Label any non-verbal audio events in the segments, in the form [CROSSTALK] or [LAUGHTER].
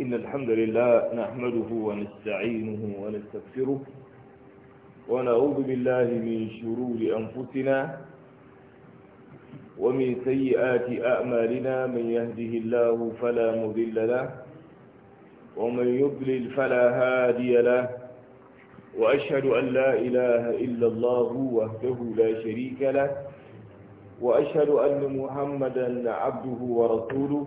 إن الحمد لله نحمده ونستعينه ونستغفره ونعوذ بالله من شرور أنفسنا ومن سيئات أعمالنا من يهده الله فلا مذل له ومن يضلل فلا هادي له وأشهد أن لا إله إلا الله وحده لا شريك له وأشهد أن محمدا عبده ورسوله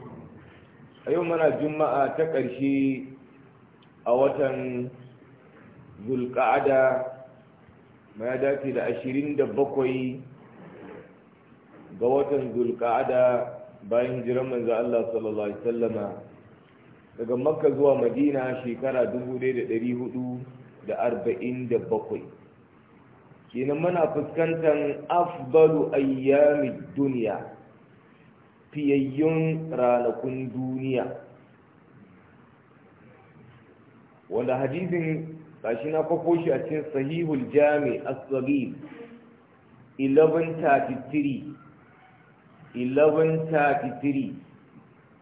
a yau mana juma'a ta ƙarshe a watan zulka'ada ma ya dace da ashirin da bakwai ga watan zulka'ada bayan jiran manzo Allah sallallahu alaihi sallama daga makka zuwa madina shekara bakwai. kenan muna fuskantar afbalu ayyamin duniya fiyayyun ranakun duniya wanda hadisin gashi na kwakwo shi a cikin sahihul jami as-sabir 1133 1133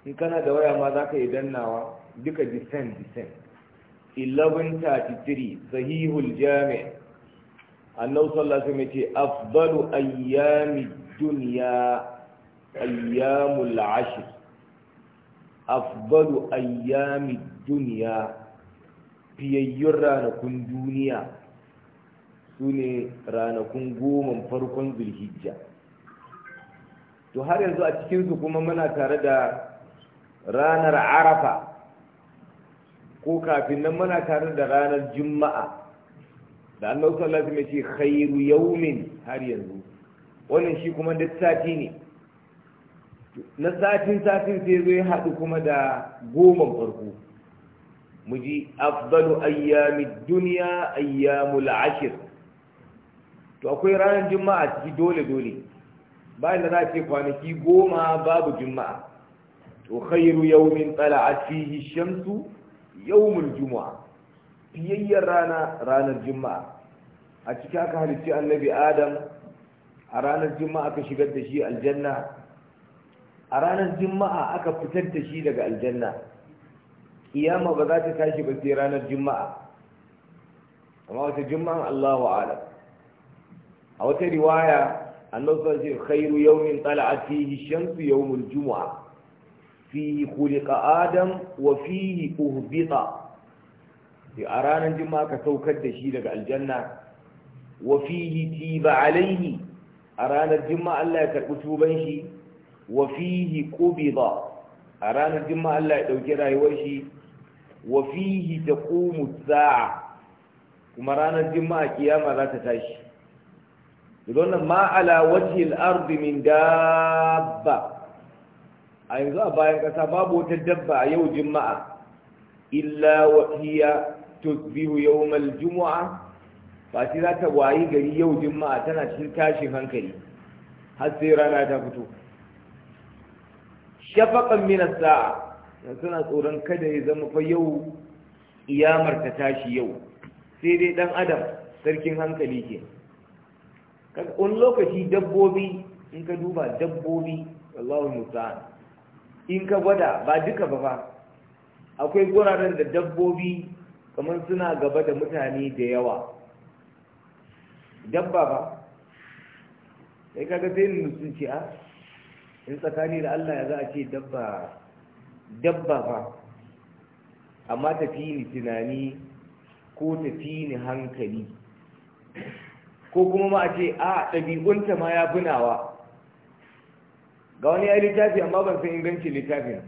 in kana da waya ma za ka yi dannawa duka disen disen 1133 sahihul jami annabi sallallahu alaihi wasallam ce afdalu ayyami dunya ayyamul ashir afdalu ayyamid duniya fiyayyun ranakun duniya sune ranakun goma farkon zulhijja to har yanzu a cikinsu kuma muna tare da ranar arafa ko kafin nan muna tare da ranar juma'a da annabi sallallahu alaihi wasallam ya ce khairu yawmin har yanzu wannan shi kuma duk ne na satin satin sai zai haɗu kuma da goman farko mu ji afdalu ayyami duniya ayyamu ashir to akwai ranar juma'a ciki dole dole ba da za ce kwanaki goma babu juma'a to khairu yawmin tala'at fihi shamsu yawmul juma'a fiyayyar rana ranar juma'a a cikin aka halicci annabi adam a ranar juma'a aka shigar da shi aljanna a ranar juma'a aka fitar da shi daga aljanna kiyama ba za ta tashi ba sai ranar juma'a amma wata juma'an Allahu a'lam a wata riwaya annabi sallallahu alaihi wasallam khairu yawmin tala'at fihi shamsu yawmul jumu'a fihi khuliqa adam wa fihi uhbita sai a ranar juma'a ka saukar da shi daga aljanna wa fihi tiba alaihi a ranar juma'a Allah ya karbi tuban shi Wafihi fihi qubida a ranar juma'a Allah ya dauki rayuwar shi wafihi ta taqumu sa'a kuma ranar juma'a kiyama za ta tashi don ma ala wajhi al-ardi min dabba a yanzu a bayan ƙasa. babu wata dabba a yau juma'a illa wa hiya tusbihu yawm al-jumu'a za ta wayi gari yau juma'a tana cikin tashin hankali har sai rana ta fito Shafaƙan min sa'a saa suna tsoron kada ya zama fa yau iyamar ta tashi yau sai dai ɗan adam sarkin hankali ke wani lokaci dabbobi in ka duba dabbobi wallahu musta'an in ka gwada ba duka ba fa akwai guraren da dabbobi kamar suna gaba da mutane da yawa dabba ba sai kaga sai sun ce a ah, in tsakani da Allah ya za a ce dabba dabba ba amma tafi ni tunani ko tafi ni hankali ko kuma ma a ce a ɗabi'unta ma ya bunawa ga wani ya yi littafi amma ban san ingancin littafin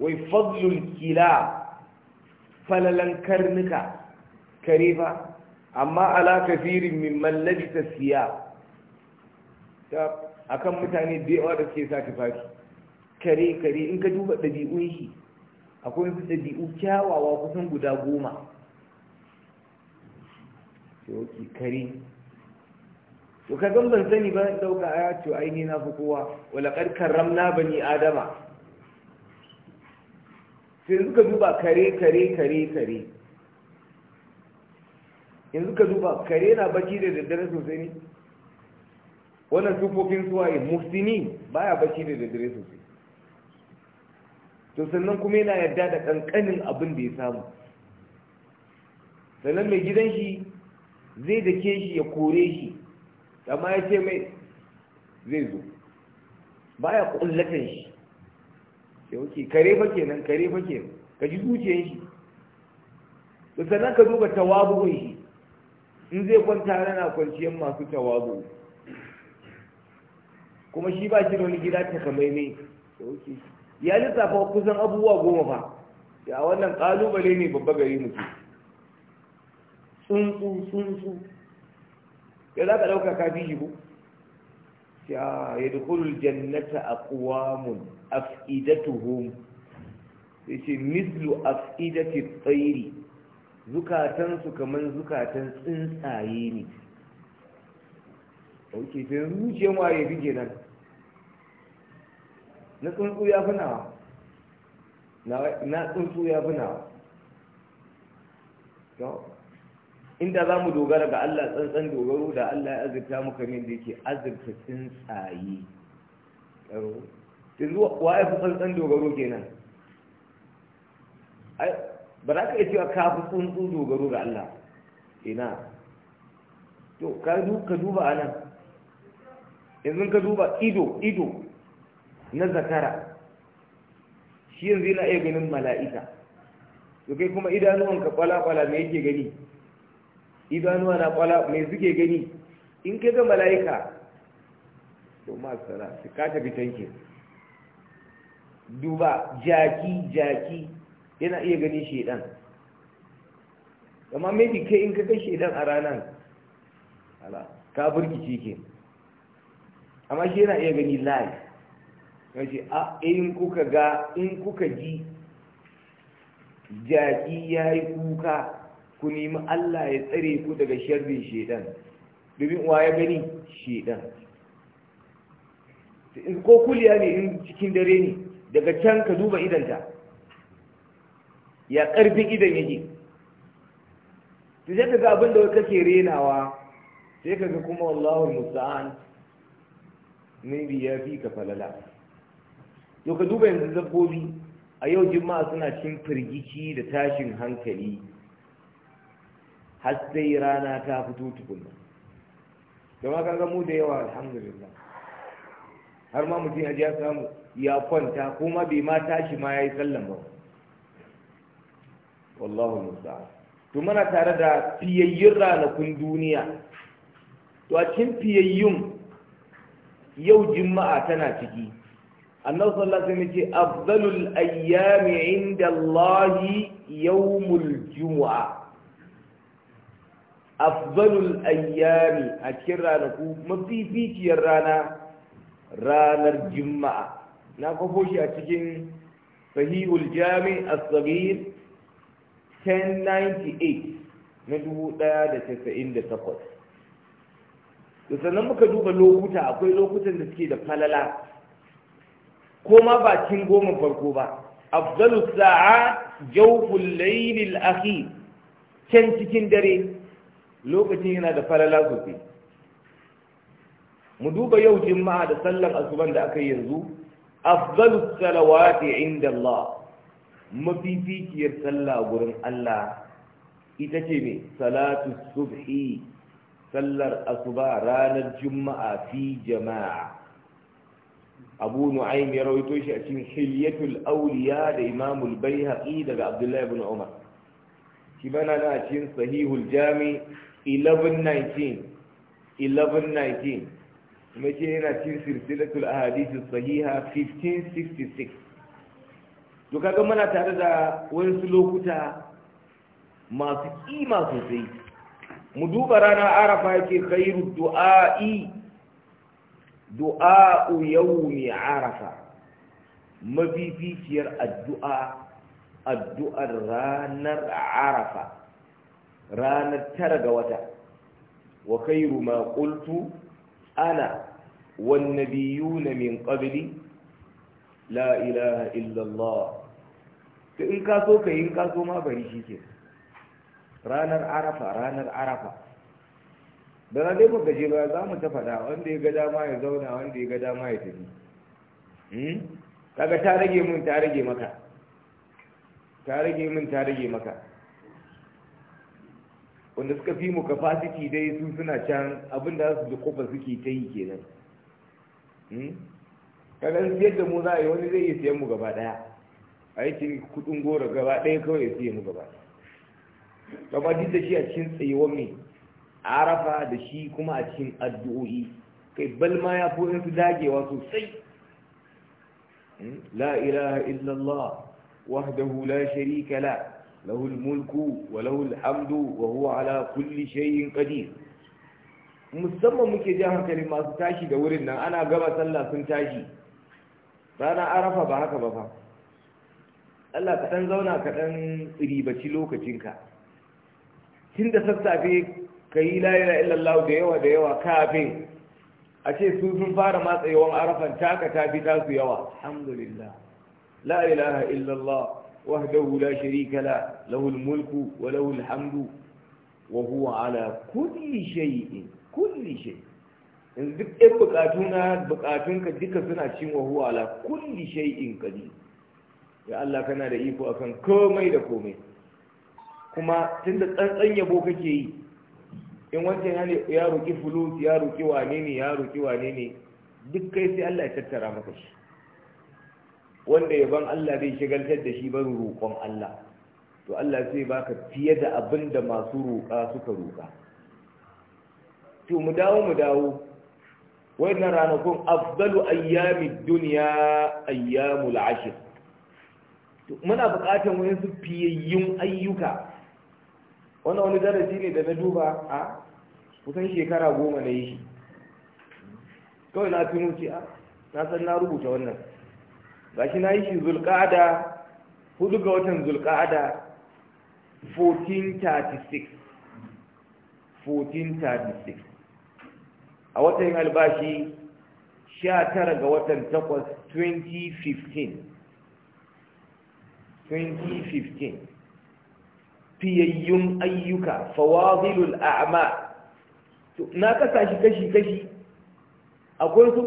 wai fadlul kila falalan karnuka kare ba amma ala kafirin min ta siya akan mutane da yawa da suke sa tufafi kare kare in ka duba ɗabi'un shi akwai su ɗabi'u kyawawa kusan guda goma yauki kare to ka gan ban sani ba dauka aya ah, to ai ni na fi kowa wala kar karramna bani adama sai suka duba kare kare kare kare yanzu ka duba kare na baki da daddare sosai ne wannan sufofin suwaye muhsini baya bacci da daddare sosai to sannan kuma yana yarda da kankanin abin da ya samu sannan mai gidan shi zai dake shi ya kore shi amma ya ce mai zai zo baya kullatan shi ya wuce kare fa kenan kare fa kenan ka ji zuciyar shi sannan ka duba tawabu'un shi in zai kwanta yana kwanciyar masu tawabu'u kuma shi ba shi da wani gida ta kamai ne ya lissafa kusan abubuwa goma fa ya wannan kalubale ne babba gari mutu tsuntsu tsuntsu ya za ka ɗauka kafi shi ko ya ya dukulul jannata a aqwamun afidatuhum ce mislu afidatu tsairi zukatansu kamar zukatan tsuntsaye ne ok sai ya fi bige nan na tsuntsu ya fi nawa na tsuntsu ya fi nawa inda za mu dogara ga Allah tsantsan dogaro da Allah ya azurta muka min da yake azurta tsuntsaye yanzu wa ya fi tsantsan dogaro kenan ba za ka iya cewa ka fi tsuntsu dogaro ga Allah ina to ka duba a nan yanzu ka duba ido ido na zakara shi yanzu yana iya ganin mala'ika to kai kuma idanuwan ka kwala-kwala me yake gani idanuwa na kwala me suke gani in ka ga mala'ika to masana su ka tafi tanke duba jaki jaki yana iya ganin shaidan amma maybe kai in ka kai shaidan a ranar ka burkici ke amma shi yana iya gani live kaje a in kuka ga in kuka ji jaki yayi kuka ku nemi Allah ya tsare ku daga sharrin shedan domin wa ya gani shedan ko kuliya ne in cikin dare ne daga can ka duba idanta ya karfin idan yake sai ka ga abin da kake renawa sai ka ga kuma wallahu musta'an maybe ya fi ka falala to ka duba yanzu dabbobi a yau jima'a suna cin firgici da tashin hankali har sai rana ta fito tukunna gama ka mu da yawa alhamdulillah har ma mutum ya ya samu ya kwanta kuma bai ma tashi ma ya yi sallan ba wallahu musa to mana tare da fiyayyun ranakun duniya to a cikin fiyayyun yau jima'a tana ciki annabi sallallahu alaihi wasallam ce afdalul ayyami inda Allah yawmul jumu'a afdalul ayyami a cikin ranaku mafificiyar rana ranar juma'a na kwafo shi a cikin sahihul jami as-saghir 1098 na 1998 to sannan muka duba lokuta akwai lokutan da suke da falala Koma ba cin goma farko ba afdalu sa'a jawful layl al akhir can cikin dare lokacin yana da falala sosai mu duba yau juma'a da sallar asuban da aka yanzu afzalu salawati inda Allah mafifikiyar sallah gurin Allah ita ce ne salatu subhi sallar asuba ranar juma'a fi jama'a abu nu'aym ya rawaito shi a cikin hilyatul awliya da Imamul al daga abdullah ibn umar shi bana na a cikin sahihul jami 1119 1119 kuma ce yana cikin silsilatul ahadith sahiha 1566 to kaga muna tare da wasu lokuta masu kima sosai mu duba rana arafa yake khairud du'a'i du'a'u yawmi arafa mafificiyar addu'a addu'ar ranar arafa ranar tara ga wata wa khairu ma qultu ana wan nabiyuna min qabli la ilaha illa Allah to in ka so kai in ka so ma bari shike ranar arafa ranar arafa da na dai baka ba za mu ta fada wanda ya ga dama ya zauna wanda ya ga dama ya tafi hmm? kaga ta rage mun ta rage maka ta rage mun ta rage maka wanda suka fi mu capacity dai su suna can abin da su da kofa suke ta yi kenan hmm? kaga siyar da mu za a yi wani zai iya siyan mu gaba daya a yi cin kudin goro gaba daya kawai ya siya mu gaba gaba duk da shi a cikin tsayuwar mai arafa da shi kuma a cikin addu'o'i kai balma ya fi su dagewa sosai hmm? la ilaha illallah wahdahu la sharika la lahu mulku wa lahu wa huwa ala kulli shay'in qadir musamman muke ji hankali masu tashi da wurin nan ana gaba sallah sun tashi rana arafa ba haka ba fa Allah ka dan zauna ka dan ribaci lokacinka tun da sassafe ka yi la ilaha illallah da yawa da yawa kafin a ce su sun fara matsayawan arafan taka ta fi tasu yawa alhamdulillah la ilaha illallah wahdahu la sharika la lahu mulku wa lahu alhamdu wa huwa ala kulli shay'in kulli shay In duk ɗan bukatuna bukatunka duka suna cin wa huwa ala kulli shay'in qadir ya Allah kana da iko akan komai da komai kuma tunda tsantsan yabo kake yi in wancan ya roƙi fulus ya roƙi wane ne ya roƙi wane ne duk kai sai Allah ya tattara maka shi wanda yaban Allah zai shigaltar da shi barin roƙon Allah to Allah zai baka fiye da abin da masu roƙa suka roƙa to mu dawo mu dawo wannan ranakun afdalu ayyami dunya ayyamul ashr muna buƙatar wayansu fiyayyun ayyuka wannan wani darasi ne da na duba a kusan shekara goma na yi shi kawai na fi ce a na san na rubuta wannan shi na yi shi zulƙa'ada hudu ga watan zulƙa'ada 1436 1436 a watan albashi 19 ga watan 8 2015 2015 fiyayyun ayyuka fawadilul a'ma na kasa shi kashi kashi akwai su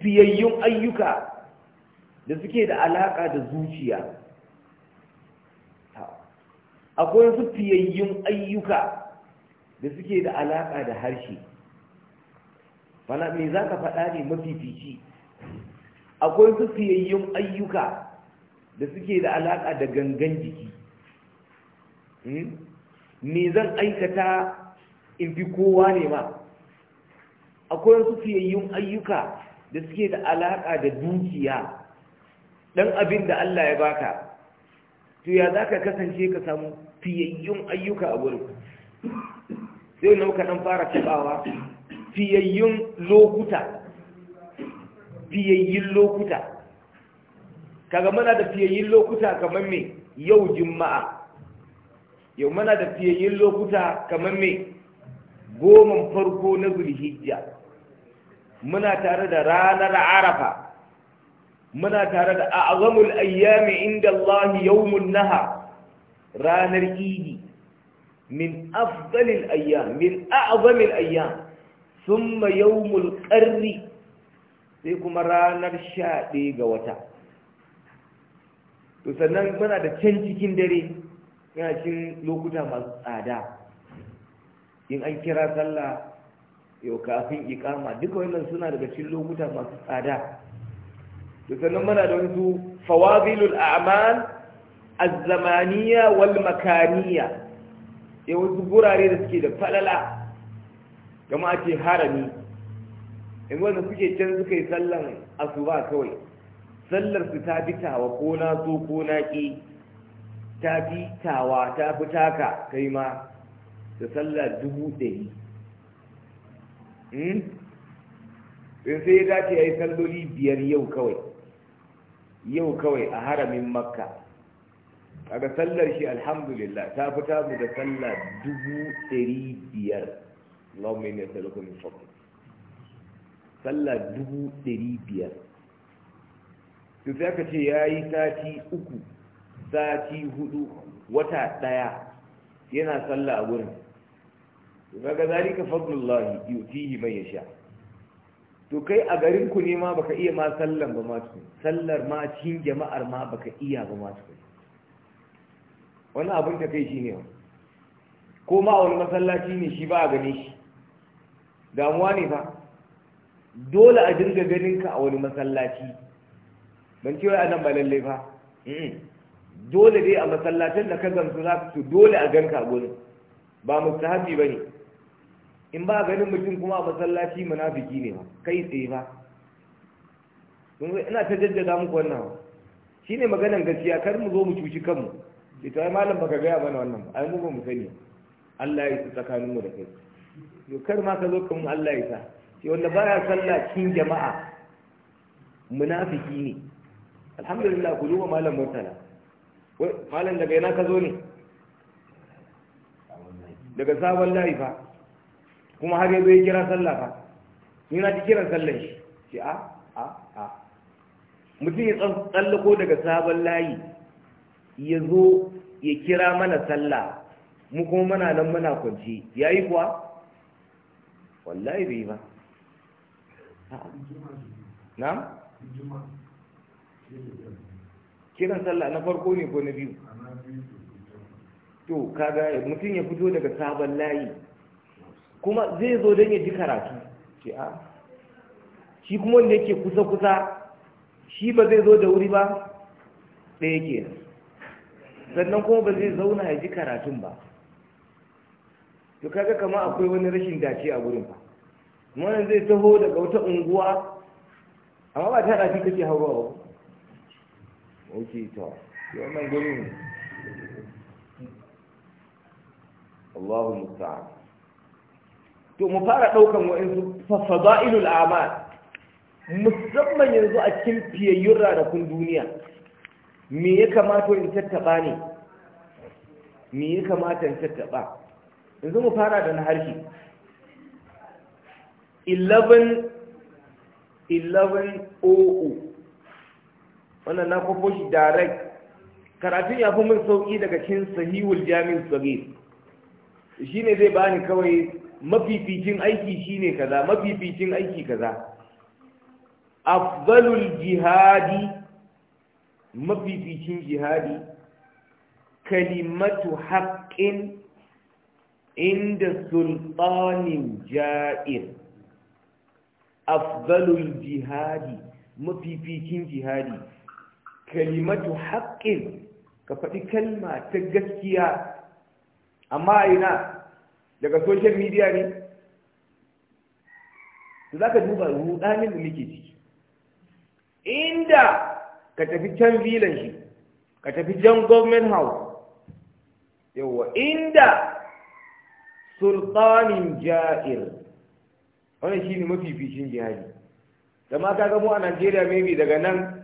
fiyayyun ayyuka da suke da alaka da zuciya akwai su fiyayyun ayyuka da suke da alaka da harshe fana me za ka faɗa ne mafifici akwai su fiyayyun ayyuka da suke da alaka da gangan jiki Hmm? me zan aikata in fi kowa ne ma akwai wasu fiyayyun ayyuka da suke da alaƙa da dukiya Dan abin da Allah ya baka to ya za ka kasance ka samu fiyayyun ayyuka a wurin sai nauka ɗan fara taɓawa fiyayyun lokuta fiyayyun lokuta kaga mana da fiyayyun lokuta kamar me yau juma'a yau mana da fiyayyen lokuta kamar mai goman farko na zulhijja muna tare da ranar arafa muna tare da a'zamul ayyami inda Allah yawmun naha ranar idi min afdalil ayyam min a'zamil ayyam thumma yawmul qarri sai kuma ranar 11 ga wata to sannan muna da can cikin dare yana cikin lokuta masu tsada in an kira sallah yau kafin ikama duka wannan suna daga cikin lokuta masu tsada to sannan muna da wasu fawazilul a'mal az-zamaniyya wal makaniyya yau wasu gurare da suke da falala kamar a ce harami in wanda suke can suka yi sallan asuba kawai sallar su ta bita wa ko na so ko na ki ta fi tawa ta fi taka kai ma da sallah dubu ɗari hmm? in sai ya dace ya yi salloli biyar yau kawai yau kawai a haramin makka kaga sallar shi alhamdulillah ta fi tamu da sallar dubu ɗari biyar lomini inni as'aluka fokus sallar dubu ɗari biyar to sai aka ce ya yi sati uku sati hudu wata daya yana sallah a gurin to kaga zalika fadlullahi yutihi man yasha to kai a garin ku ne ma baka iya ma sallan ba ma tukun sallar ma cikin jama'ar ma baka iya ba ma tukun wani abin ta kai shi ne ko ma wani masallaci ne shi ba a gane shi damuwa ne fa dole a dinga ganin ka a wani masallaci ban ce wai anan ba lalle fa dole dai a masallacin da ka gamsu za su dole a ganka a gurin ba mustahabi ba ne in ba ganin mutum kuma a masallaci munafiki ne ba kai tsaye ba ina ta jaddada muku wannan shi ne maganan gaskiya kar mu zo mu cuci kanmu ita ai malam baka gaya mana wannan ba ai mu ba mu sani Allah ya yi tsakanin mu da kai to kar ma ka zo kan Allah ya sa shi wanda baya sallah cikin jama'a munafiki ne alhamdulillah ku duba malam mutala malam daga yana ka zo ne daga sabon layi fa kuma har yanzu ya kira sallah fa ni na ji kiran sallan shi ce a a a mutum ya tsallako daga sabon layi ya zo ya kira mana sallah mu kuma mana nan mana kwanci ya yi kuwa wallahi bai ba na? kiran sallah na farko ne ko na biyu to kaga mutum ya fito daga sabon layi kuma zai zo don ya ji karatu ce a shi kuma wanda yake kusa-kusa shi ba zai zo da wuri ba ɗaya ke sannan kuma ba zai zauna ya ji karatun ba to kaga kama akwai wani rashin dace a gurin ba wannan zai taho daga wata unguwa amma ba ta rafi kake ba wuce ta wannan gurin Allahu musta'an to mu fara daukan wa'insu fadailul a'mal musamman yanzu a cikin fiyayyun ranakun duniya me ya kamata in tattaba ne me ya kamata in tattaba yanzu mu fara da na harshe 11 11 00 wannan na kwafo shi direct karatun ya fi min sauƙi daga cikin sahihul jami'in sabi shi ne zai bani kawai mafificin aiki shi ne kaza mafificin aiki kaza afzalul jihadi mafificin jihadi kalimatu haƙƙin inda sultanin ja'ir afzalul jihadi mafificin jihadi kalimatu haƙƙin ka faɗi kalma ta gaskiya amma ina daga social media ne to za ka duba rudanin da muke ciki inda ka tafi can vilan shi ka tafi can government house yawa inda sultanin ja'ir wannan shi ne mafificin jihadi da ma kaga mu a najeriya maybe daga nan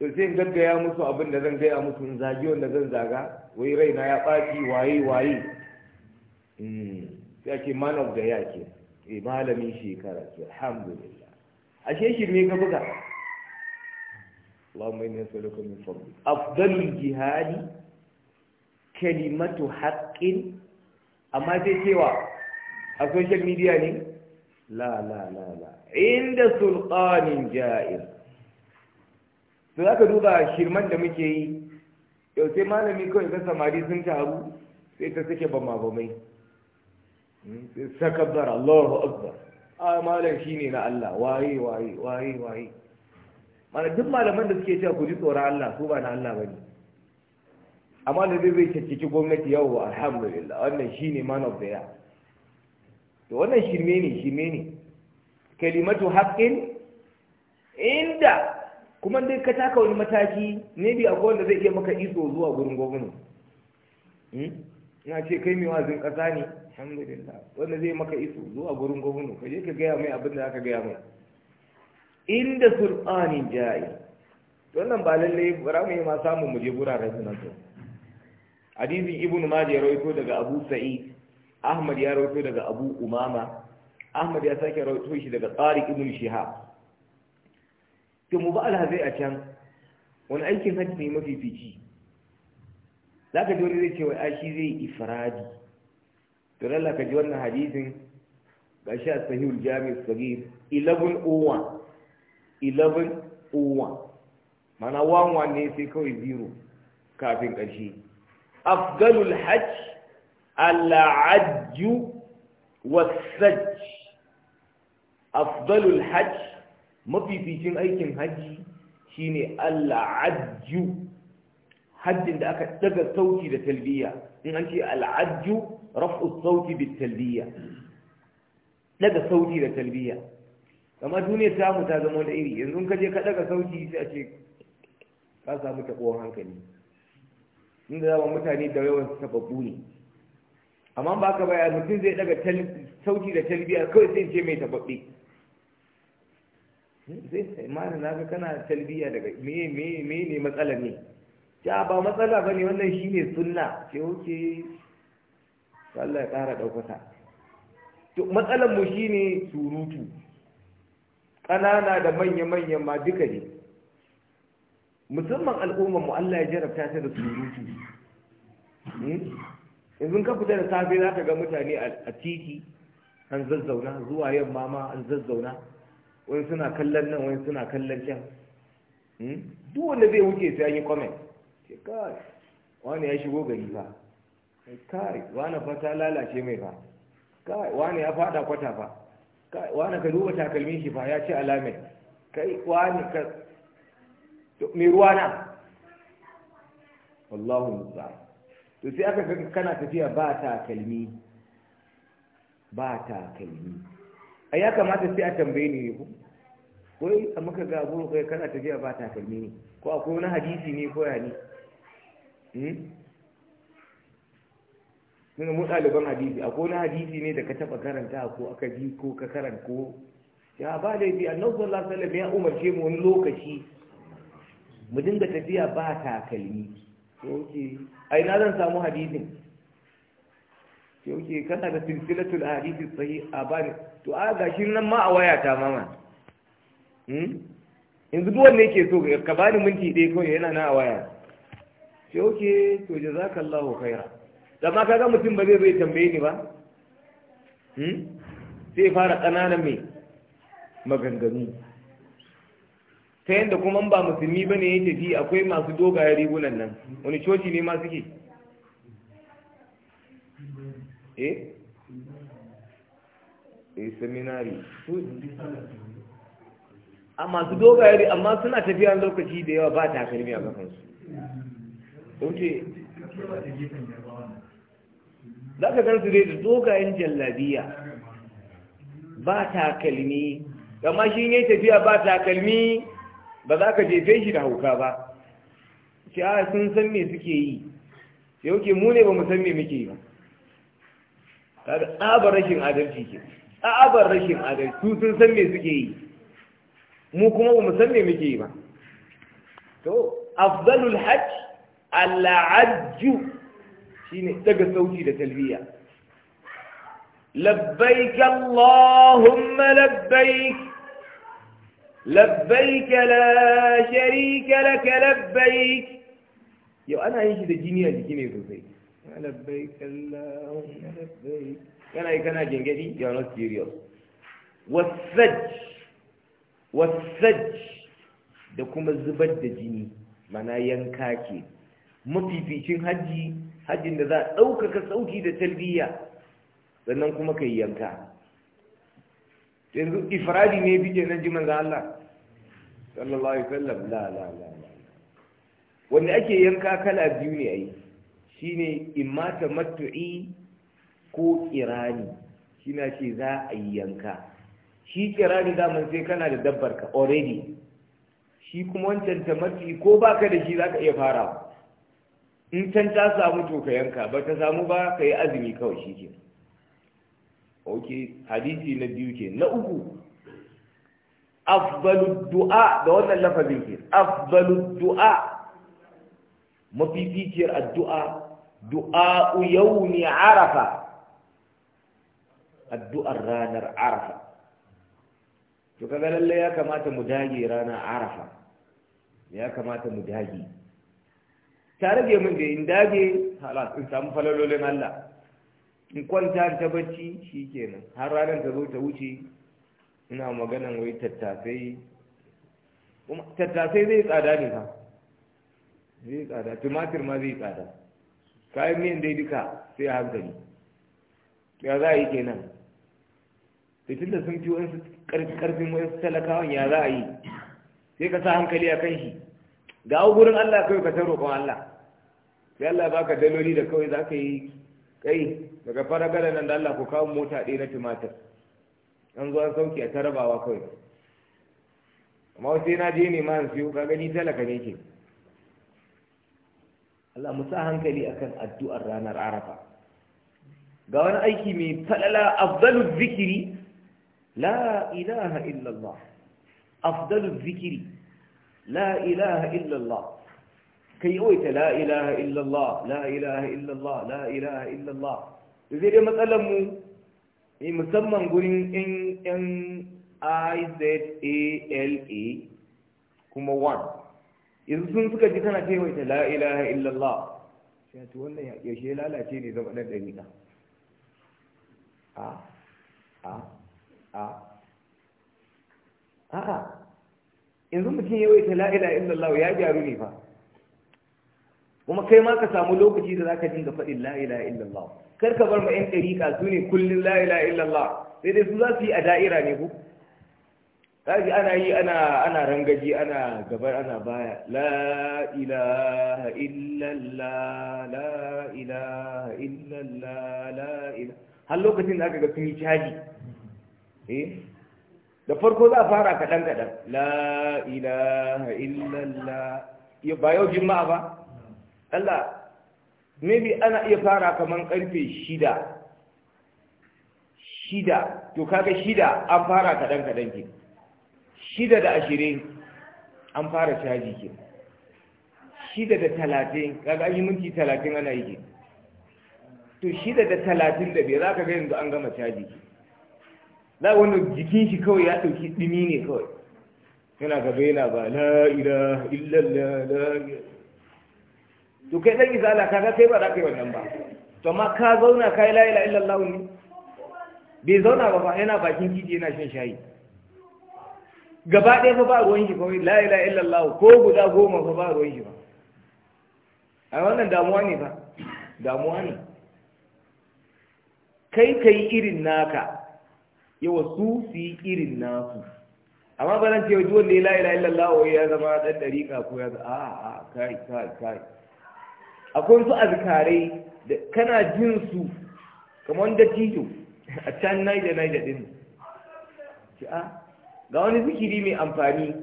to sai in gaggaya musu abin da zan gaya musu in zagi wanda zan zaga wai raina ya ɓaci waye waye hmm, sai ake man of the year ke eh malamin shekara ke alhamdulillah ashe shirme ne ka buga Allahumma inna nas'aluka min fadlik afdalul jihadi kalimatu haqqin amma sai cewa a social media ne la la la la inda sulqanin ja'ir to za ka duba shirman da muke yi yau sai malami kawai ta samari sun taru sai ta sake bama bamai hmm, sai sakabar allahu akbar a malam shi ne na allah waye waye waye waye mana duk malaman da suke cewa ku ji tsoron allah su ba na allah ba ne amma da zai zai cikin gwamnati yau alhamdulillah wannan shi ne man of the year to wannan shirme ne shirme ne kalimatu haƙƙin inda kuma dai ka taka wani mataki ne bi akwai wanda zai iya maka iso zuwa gurin gwamnati hmm? ina ce kai mai wazin kasa ne alhamdulillah wanda zai maka iso zuwa gurin gwamnati ka je ka gaya mai abin da aka gaya mai inda sultanin ja'i wannan ba lallai bara mu yi ma samun mu je guraren su nasu? to hadisin ibnu majah ya rawaito daga abu sa'id ahmad ya rawaito daga abu umama ahmad ya sake rawaito shi daga tariq ibn shihab to mu ba zai a can wani aikin hajji ne mafi fici za ka ji wani zai ce wai ashi zai ifradi to lalla ka ji wannan hadisin ga shi a sahihul jami'u sagir 1101 uwa mana wanwa ne sai kawai zero kafin ƙarshe afgalul hajj al'ajju wasajj afgalul hajj mafificin aikin hajji shine al'ajju hajjin da aka daga sauti da talbiya in an ce al'ajju raf'u sauti bi talbiya daga sauti da talbiya amma duniyar tamu ta zama da iri yanzu ka je ka daga sauti sai a ce ka samu taɓuwar hankali inda zama mutane da yawan sababbu ne amma ba ka baya mutum zai daga sauti da talbiya kawai sai ce mai tababbe sai mana naga kana talbiya daga me me me ne matsala ne ja ba matsala bane wannan shi ne sunna ce oke Allah ya ƙara ɗaukaka to matsalar mu shi surutu ƙanana da manya-manya ma duka ne musamman al'ummar mu Allah ya jarabta ta da surutu hmm? yanzu ka fita da safe za ka ga mutane a titi an zazzauna zuwa yamma ma an zazzauna wani suna kallon nan wani suna kallon can hmm? duk wanda zai wuce sai an yi comment ke kai wani ya shigo gari fa kai wani fa ta lalace mai fa kai wani ya fada kwata fa kai wani ka duba takalmin shi fa ya ci alamai kai wani ka mai ruwa na wallahu musa to sai aka kana tafiya ba takalmi ba takalmi a ya kamata sai a tambaye ni ne ko wai a maka ga abu kai kana tafiya ba takalmi ne ko akwai wani hadisi ne ko ya ne hmm? mu ɗaliban hadisi akwai wani hadisi ne da ka taɓa karanta ko aka ji ko ka karanta ko ya ba laifi annabi sallallahu alaihi wasallam ya umarce mu wani lokaci mu dinga tafiya ba takalmi to ke ai na zan samu hadisin yauke kana da silsilatul hadisi sai a bari to a gashi nan ma a waya ta mama hmm? yanzu duwan ne yake so ka bani minti ɗaya kawai yana na a waya yauke to jazakallahu khaira amma kaga mutum ba zai zai tambaye ni ba hmm? sai fara ƙananan mai maganganu ta yadda kuma ba musulmi ba ne ya tafi akwai masu dogayen rigunan nan wani coci ne ma suke eh, eh seminari a masu dogaye amma suna tafiya lokaci da yawa ba takalmi a kafansu wuce za ka gan su dai da dogayen jallabiya ba takalmi amma shi yin tafiya ba takalmi ba za ka jefe shi da hauka ba ce a ah, sun san me suke yi yau ke mu ne ba mu san me muke yi ba kaga tsabar rashin adalci ke tsabar rashin adalci su sun san me suke yi mu kuma ba mu san me muke yi ba to afdalul hajj al-ajju shine daga sauti da talbiya لبيك اللهم لبيك لبيك لا شريك لك لبيك yau ana yin shi da jini a jiki ne sosai labbaik allahumma labbaik kana yi kana gengedi you are not serious wasaj wasaj da kuma zubar da jini mana yanka ke mafificin hajji hajjin da za a ɗaukaka sauki da talbiya sannan kuma ka yi yanka yanzu ifradi ne bije nan ji manzo Allah sallallahu alaihi wasallam la la la wanda ake yanka kala biyu ne a yi? shine imata matu'i ko kirani shine ce za a yi yanka shi kirani daman sai kana da dabbar ka already shi kuma wancan tamattu'i ko baka da shi zaka iya farawa in can ta samu to ka yanka ba ta samu ba ka yi azumi kawai shi ke ok hadisi na biyu ke na uku afdalu du'a da wannan lafazin ke afdalu du'a mafificiyar addu'a du'a'u yawmi arafa addu'ar ranar arafa to kaga lalle ya kamata mu dage ranar arafa ya kamata mu dage ta rage min da in dage halas in samu falalolin Allah in kwanta ta bacci shikenan har ranar ta zo ta wuce ina maganan wai tattasai kuma tattasai zai tsada ne ka, zai tsada tumatir ma zai tsada kayan miyan dai duka sai a hankali ya za a yi kenan tun da sun fi wani karfin wani talakawan ya za a yi sai ka sa hankali a kan shi ga wurin Allah kawai ka ta roƙon Allah sai Allah baka daloli da kawai za ka yi kai daga faragara nan da Allah ku kawo mota ɗaya na tumatir an zo an sauki a tarabawa kawai amma sai na je ne ma siyo ka gani talaka ne ke Allah mu sa hankali akan addu'ar ranar Arafa ga wani aiki mai falala afdalu zikiri la ilaha illallah afdalu zikiri la ilaha illallah kai yawaita la ilaha illallah la ilaha illallah la ilaha illallah zai dai matsalar mu musamman gurin NNIZALA kuma one yanzu sun suka ji kana taimaita la ilaha illallah sai ta wannan yaushe lalace ne zama ɗan ɗariƙa a a a a'a yanzu mutum ya waita la'ila illallah ya gyaru ne fa kuma kai ma ka samu lokaci da zaka dinga faɗin la'ila illallah kar ka bar ma 'yan ɗariƙa su ne kullum la'ila illallah sai dai su za su yi a da'ira ne ku kaji ana yi ana ana rangaji ana gabar ana baya la ilaha illallah la ilaha illallah la ilaha har lokacin da aka ga sun yi caji eh da farko za a fara kaɗan kaɗan la ilaha illallah ba yau juma'a ba Allah maybe ana iya fara kaman karfe shida shida to kaga shida an fara kaɗan kaɗan ke shida da ashirin an fara caji ke shida da talatin kaga an yi minti talatin ana yi ke to shida da talatin da biyar za ka ga yanzu an gama caji ke za wani jikin shi kawai ya ɗauki ɗini ne kawai yana gaba yana ba la ila illallah la to kai dan izala ka ga kai ba za ka yi wannan ba to amma ka zauna ka yi la ila illallah ne bai zauna ba fa yana bakin kiji yana shan shayi gaba ɗaya fa ba ruwan shi kawai la illa Allah ko guda goma fa ba ruwan shi ba a wannan damuwa ne fa damuwa ne kai ka yi irin naka yawa su su yi irin nasu amma ba zan cewa duwanda ya la'ila Allah ya zama ɗan ɗariƙa ko ya zama a kai kai kai akwai su azkarai da kana jin su kamar da tijo a can naija naija ɗin ce a ah, ga wani zikiri mai amfani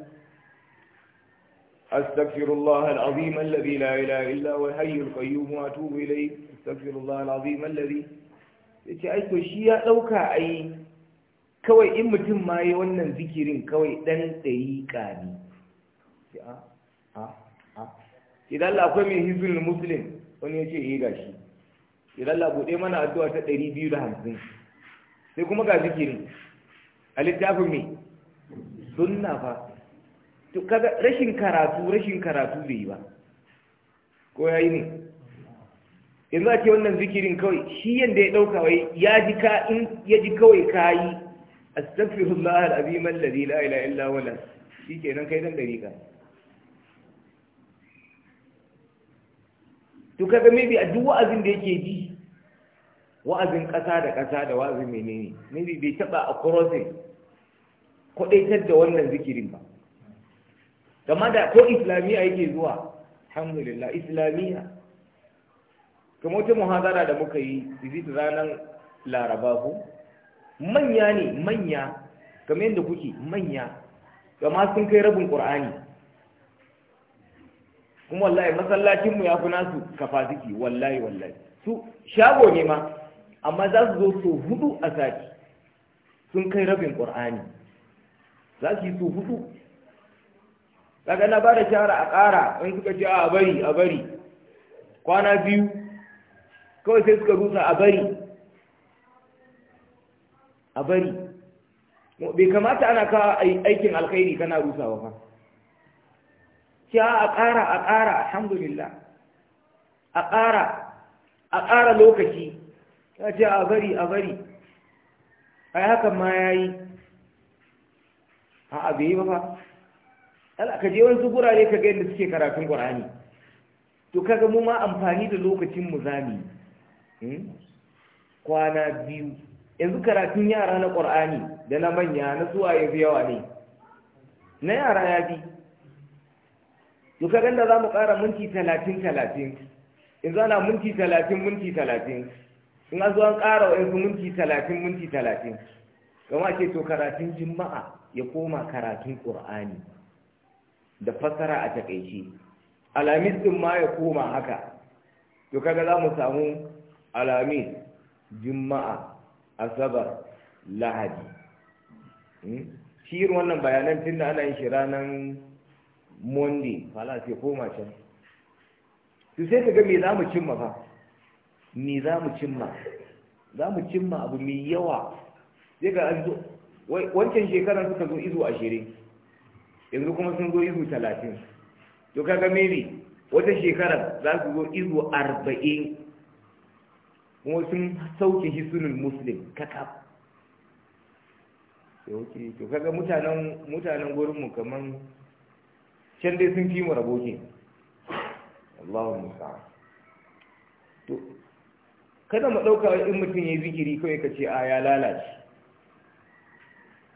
أستغفر الله العظيم الذي لا إله إلا هو الحي القيوم وأتوب إليه أستغفر الله العظيم الذي yace ai shi ya dauka ai kawai in mutum ma yi wannan zikirin kawai dan dariƙa ne sai a a a idan Allah akwai mai hizbul muslim wani yace eh gashi idan Allah bude mana addu'a ta 250 sai kuma ga zikirin a littafin me sunna fa to kaga rashin karatu rashin karatu bai yi ba ko yayi ne yanzu a ce wannan zikirin kawai shi yanda ya dauka wai ya ji ka in ya ji kawai kayi astaghfirullah al alladhi la ilaha illa huwa shikenan kai dan ka to kaga maybe a duk wa'azin da yake ji wa'azin ƙasa da ƙasa da wa'azin menene maybe bai taba a crossing kwadaitar da wannan zikirin ba gama da ko islamiyya yake zuwa alhamdulillah islamiyya kamar wata muhazara da muka yi visit ranar laraba ko manya ne manya kamar yadda kuke manya gama sun kai rabin ƙur'ani kuma wallahi masallacinmu ya fi nasu kafa ziki wallahi wallahi su shago ne ma amma za su zo so hudu a sati sun kai rabin ƙur'ani za su yi su hudu daga na ba da shahara a ƙara wani suka ce a bari a bari kwana biyu kawai sai suka rusa a bari a bari bai kamata ana kawo aikin alkhairi kana rusawa ba ce a ƙara a ƙara alhamdulillah a ƙara a ƙara lokaci ya ce a bari a bari yi hakan ma ya yi a bai yi ba ba ka je wani ne ka ga yadda suke karatun Qur'ani to kaga mu ma amfani da lokacin mu zami hmm? kwana biyu yanzu karatun yara na Qur'ani da na manya na zuwa yafi yawa ne na yara ya bi to kaga da za mu ƙara minti talatin, in yanzu ana minti talatin minti talatin, in an zo an ƙara wa yanzu minti talatin minti talatin. kamar ce to karatun jima'a ya koma karatun ƙur'ani da fassara a takaice alamis din ma ya koma haka to kaga za mu samu alamis jima'a asabar lahadi hmm? shirin wannan bayanan tun da ana yin shi ranar monday fala sai koma can to sai ka ga me za mu cimma fa me za mu cimma za mu cimma abu mai yawa sai ga an zo wancan shekaran suka zo izu ashirin yanzu kuma sun zo izu talatin to kaga mene wata shekaran za su zo izu arba'in kuma sun sauke hisunin muslim kakaf to kaga mutanen mutanen gurinmu kamar can dai sun fi mu raboke Allahu musa to kada mu ɗauka in mutum ya yi zikiri kawai ka ce a ya lalace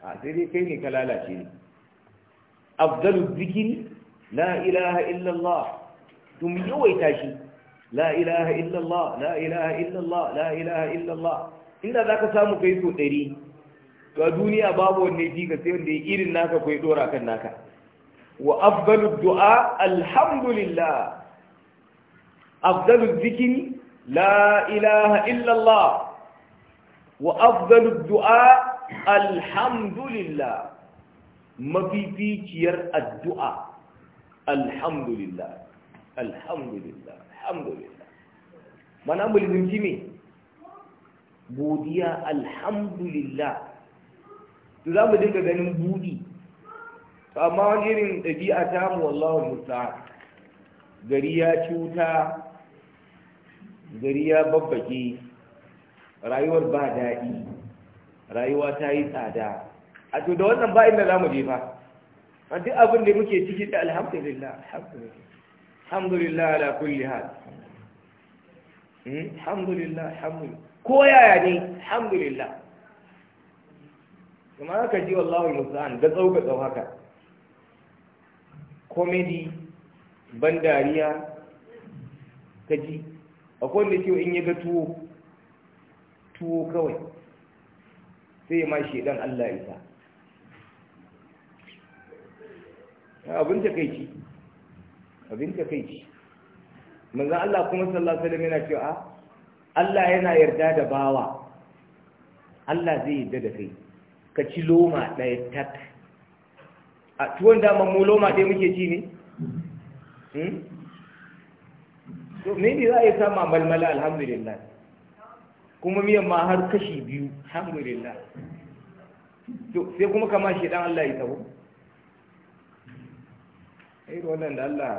a sai dai kai ne ka lalace ne afdalu zikiri la ilaha illallah tun yawaita shi la ilaha illallah la ilaha illallah la ilaha illallah inda za ka samu kai so ɗari to a duniya babu wanne ji ka sai wanda irin naka kai dora kan naka wa afdalu du'a alhamdulillah afdalu zikiri la ilaha illallah wa afdalu du'a alhamdulillah mafificiyar addu'a alhamdulillah alhamdulillah alhamdulillah mana mulminci ne godiya alhamdulillah za mu dinga ganin budi amma wani irin ɗabi'a ta mu wallahu musa gari ya cuta gari ya babbake rayuwar ba daɗi rayuwa ta yi tsada a to da wannan ba inda za mu je fa a duk abin da muke ciki da alhamdulillah alhamdulillah ala kulli hal hmm? alhamdulillah alhamdulillah ko yaya ne alhamdulillah kuma haka ji wallahi musa'an da tsauka tsau haka komedi ban dariya ka ji akwai wanda ce in ya ga tuwo tuwo kawai sai ma dan Allah ya sa abin takaici abin takaici manzon Allah kuma sallallahu alaihi wasallam yana cewa Allah yana yarda da bawa Allah zai yarda da kai ka ci loma ɗaya tak a tuwon dama mu loma ɗaya muke ci ne hmm? to ne ne za a yi sama malmala alhamdulillah kuma miyan ma har kashi biyu alhamdulillah To sai kuma kama shi dan Allah ya tabo irin wannan da Allah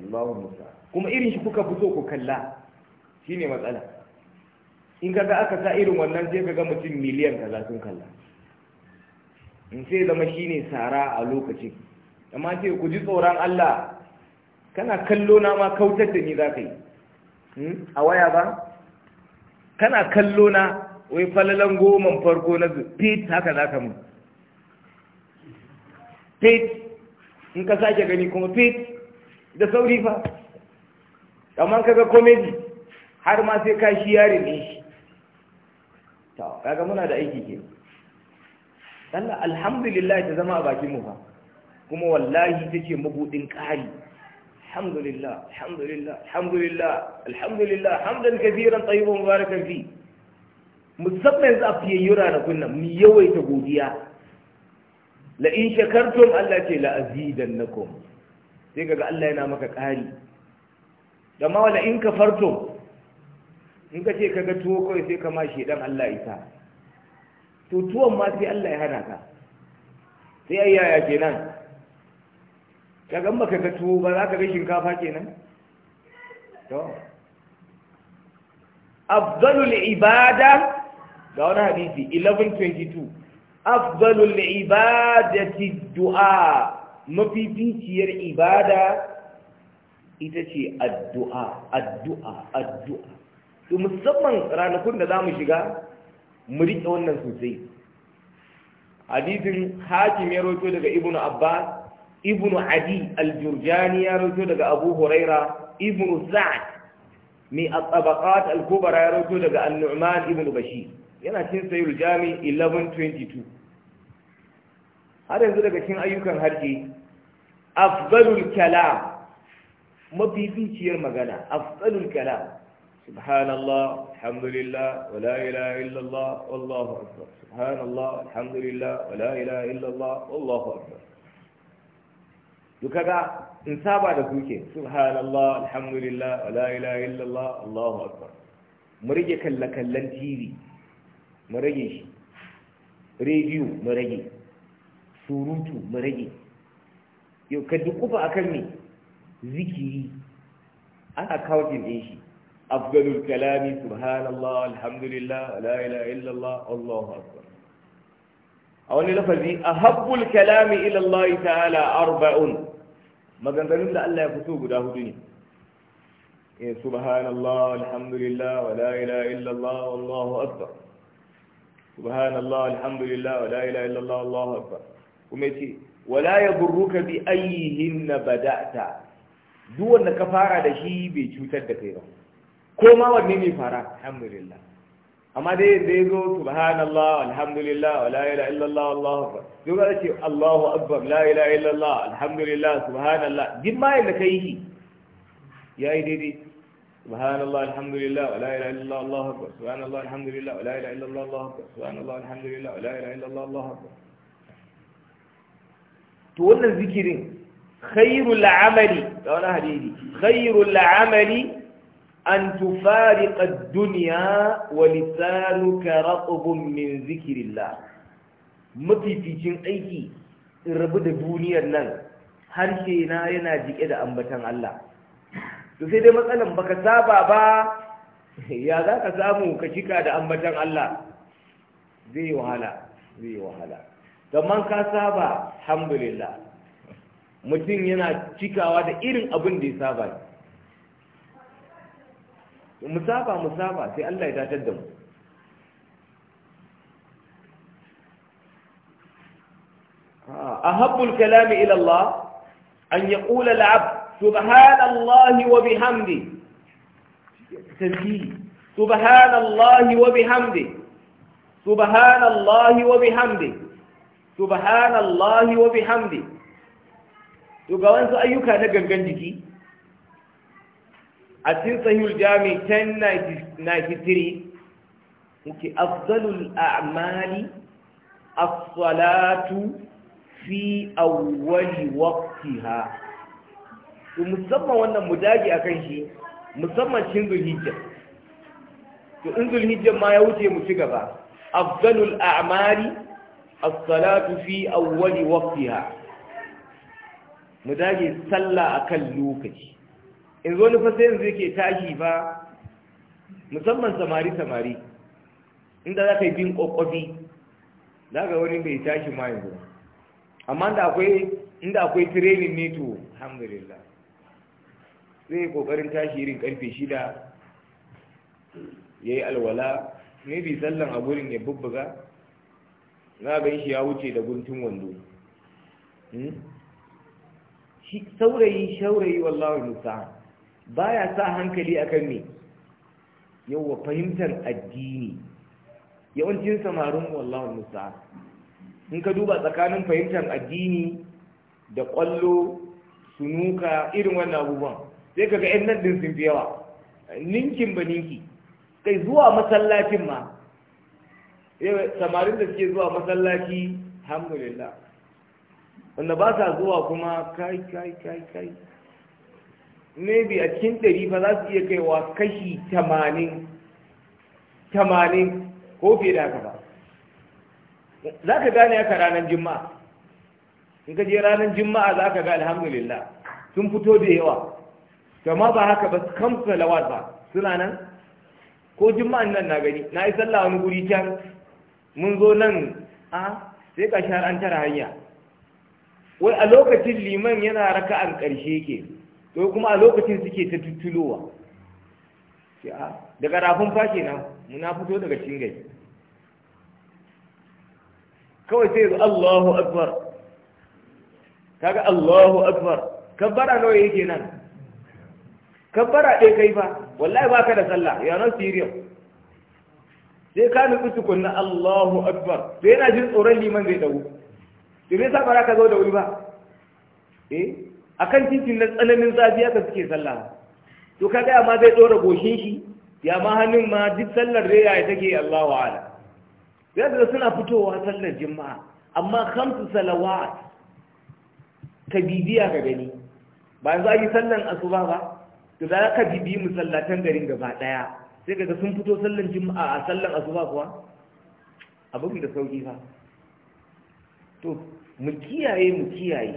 Allahu musa kuma irin shi kuka fito ku kalla shine matsala in kaga aka sa irin wannan sai kaga mutum miliyan kaza sun kalla in sai zama shine sara a lokacin amma sai ku ji tsoron Allah kana kallo na ma kautar da ni za ka yi Hmm? a waya ba kana kallo na wai falalan goman farko na pit haka za ka mu pit in ka sake gani kuma pit da sauri fa amma kaga komedi har ma sai ka shi yare ne shi to kaga muna da aiki ke Allah alhamdulillah ta zama a bakin mu fa kuma wallahi take mabudin ƙari الحمد لله الحمد لله الحمد لله الحمد لله حمدا كثيرا طيبا مباركا فيه musamman mu yawaita godiya la in shakartum Allah ce la azidannakum sai kaga Allah yana maka ƙari da ma wala in kafartum in ka ce kaga tuwo kawai sai ka ma shedan Allah ita to tuwon ma sai Allah ya hana ka sai ayyaya kenan kaga in baka ga tuwo ba za ka ga shinkafa kenan to afdalul ibada ga wani hadisi 1122 afdalul ibadati du'a mafificiyar ibada ita ce addu'a addu'a addu'a to musamman ranakun da za mu shiga mu riƙe wannan sosai hadisin hakim ya roto daga ibnu abbas ibn adi al-jurjani ya rawaito daga abu huraira ibn sa'd mai at-tabaqat al-kubra ya rawaito daga an-nu'man ibn bashir yana cin sayyul jami 1122 har yanzu daga cikin ayyukan harji afdalul kalam mafificiyar magana afdalul kalam سبحان الله الحمد لله ولا إله إلا الله والله أكبر سبحان الله الحمد لله ولا إله إلا الله والله أكبر to kaga in saba da kuke subhanallah alhamdulillah la ilaha illallah allahu akbar mu rage kalla kallan tv mu rage shi rediyo mu rage surutu mu rage yau ka dukufa akan me zikiri ana kawajin din shi afdalul kalami subhanallah alhamdulillah la ilaha illallah allahu akbar a wani lafazi a ahabbul kalami ila Allah ta'ala arba'un maganganun da Allah ya fito guda hudu ne eh subhanallah walhamdulillah wala ilaha illallah wallahu akbar subhanallah walhamdulillah wala ilaha illallah wallahu akbar kuma yace wala yadurruka bi ayyihin bada'ta duk wanda ka fara da shi bai cutar da kai ba ko ma wanne ne fara alhamdulillah amma dai da ya zo subhanallah alhamdulillah wa la ilaha illallah Allahu akbar duk da ce Allahu akbar la ilaha illallah alhamdulillah subhanallah duk ma yanda kai shi yayi daidai subhanallah alhamdulillah wa la ilaha illallah Allahu akbar subhanallah alhamdulillah wa la ilaha illallah Allahu akbar subhanallah alhamdulillah wa la ilaha illallah Allahu akbar to wannan zikirin khairul amali da wani hadisi khairul amali an tufariqa duniya wa lisanuka ratbun min zikrillah mafificin aiki in rabu da duniyar nan harshe na yana jike da ambatan Allah to sai dai matsalan baka saba ba ya za ka samu ka cika da ambatan Allah zai wahala zai wahala kamar ka saba alhamdulillah mutum yana cikawa da irin abin da ya saba mu مسابة في saba sai Allah ya da mu أهب الكلام إلى الله أن يقول العبد سبحان الله وبحمده تنبيه سبحان الله وبحمده سبحان الله وبحمده سبحان الله وبحمده to أنت أيك ayyuka na a cikin sahihul jami 1093 yake afdalul a'mali as-salatu fi awwali waqtiha to musamman wannan mudaji akan shi musamman cin zulhijja to in zulhijja ma ya wuce mu ci gaba afdalul a'mali as-salatu fi awwali waqtiha mudaji sallah akan lokaci in wani fa zai yanzu yake tashi ba musamman samari samari inda za ka yi bin ƙwaƙwafi za ka wani mai tashi ma yanzu amma akwai inda akwai tirenin ne to alhamdulillah zai yi ƙoƙarin tashi irin ƙarfe shida ya yi alwala ne bi sallan a gurin ya bubbuga na gan shi ya wuce da guntun wando hmm? saurayi saurayi wallahi musa baya sa hankali akan me yawa fahimtar addini yawancin samarin wallahu musa in ka duba tsakanin fahimtar addini da kwallo sunuka irin wannan abubuwan sai kaga yan nan din sun fi yawa ninkin ba ninki kai zuwa masallacin ma eh, samarin da suke zuwa masallaci alhamdulillah wanda ba sa zuwa kuma kai kai kai kai maybe a cikin ɗari ba za su iya kaiwa kashi tamanin tamanin ko fiye da haka ba za ka gane haka ranar juma'a in ka je ranar juma'a za ka ga alhamdulillah sun fito da yawa kama ba haka ba su kamsa lawat ba suna nan ko juma'an nan na gani na yi sallah wani guri can mun zo nan a sai ka shahar an tara hanya wai a lokacin liman yana raka'an ƙarshe ke to kuma a lokacin suke ta tuttulowa sai a ah, daga rafin fashe nan muna fito daga shingai. kawai sai yanzu Allahu akbar kaga Allahu akbar kabbara nawa yake nan kabbara ɗaya kai fa wallahi ka da sallah ya nan siriyan sai ka nutsu kunna Allahu Akbar Sai yana jin tsoron liman zai dawo sai me yasa ka zo da wuri ba eh akan titin na tsananin zafi aka suke sallah to kaga amma zai dora goshin shi ya ma hannun ma duk sallar reya ya take Allahu a'ala yadda suna fitowa sallar juma'a amma khamsu salawat ka bibiya ga gani ba yanzu an yi sallan asuba ba to za ka bibi musallatan garin gaba daya sai kaga sun fito sallan juma'a a sallan asuba kuwa abin da sauki fa to mu kiyaye mu kiyaye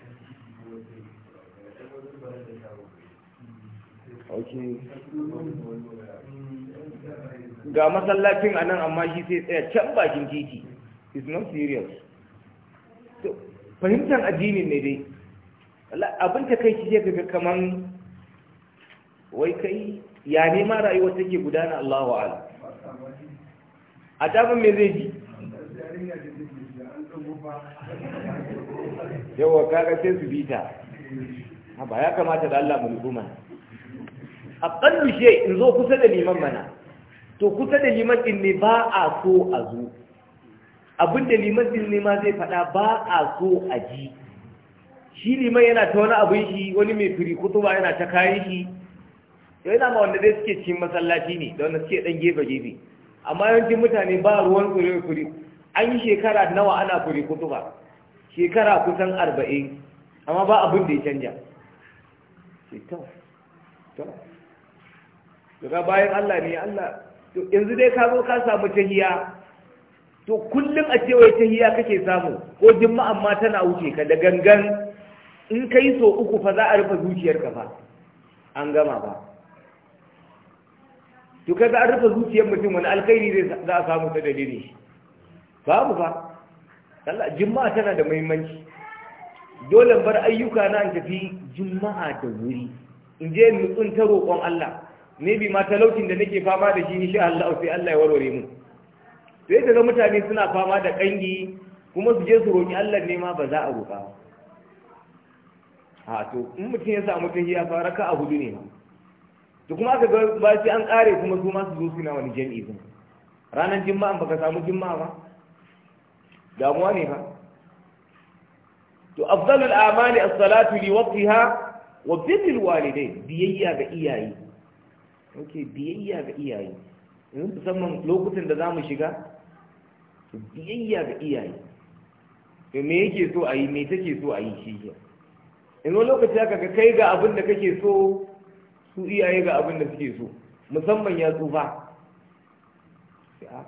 ga masallacin a nan amma shi sai tsaya can bakin titi is not serious fahimtar addinin ne dai abin ta kai shi ga kaman wai kai ya nema rayuwa take gudana Allah wa ala a tabin me zai ji yawa kaga sai su bita ba ya kamata da Allah mu hukuma A shay in zo kusa da liman mana to kusa da liman din ne ba a so a zo abin da liman din ne ma zai faɗa ba a so a ji shi liman yana ta wani abin shi wani mai firi kutuba yana ta kayan shi yau yana ma wanda dai suke cikin masallaci ne da wanda suke ɗan gefe gefe amma yawancin mutane ba ruwan tsoro firi an yi shekara nawa ana firi kutuba shekara kusan arba'in amma ba abin da ya canja daga bayan Allah ne Allah to yanzu dai ka zo ka samu tahiya to kullum a cewa tahiya kake samu ko juma'an ma tana wuce ka da gangan in kai so uku fa za a rufe ka fa an gama ba to za a rufe zuciyar mutum wani alkhairi zai za a samu ta dalili babu ba Allah juma'a tana da muhimmanci dole bar ayyuka na tafi juma'a da wuri in je nutsun ta roƙon Allah bi ma talaucin da nake fama da shi insha Allah sai Allah ya warware mu to yadda ga mutane suna fama da kangi kuma su je su roki Allah ne ma ba za a roƙa ha to in mutum ya samu tahi ya fara ka a hudu ne to kuma aka ga ba shi an kare kuma su ma su zo suna wani jami'i kuma ranar jimma'a baka samu jimma'a ba damuwa ne ha? to afdalul amali as-salatu li waqtiha wa birrul walidain biyayya ga iyaye Ok biyayya ga iyaye yanzu musamman lokutan da za mu shiga biyayya ga iyaye to me yake so a yi me take so a yi shi ke in wani lokaci haka ka kai ga abin da kake so su iyaye ga abin da suke so musamman ya tsufa ah.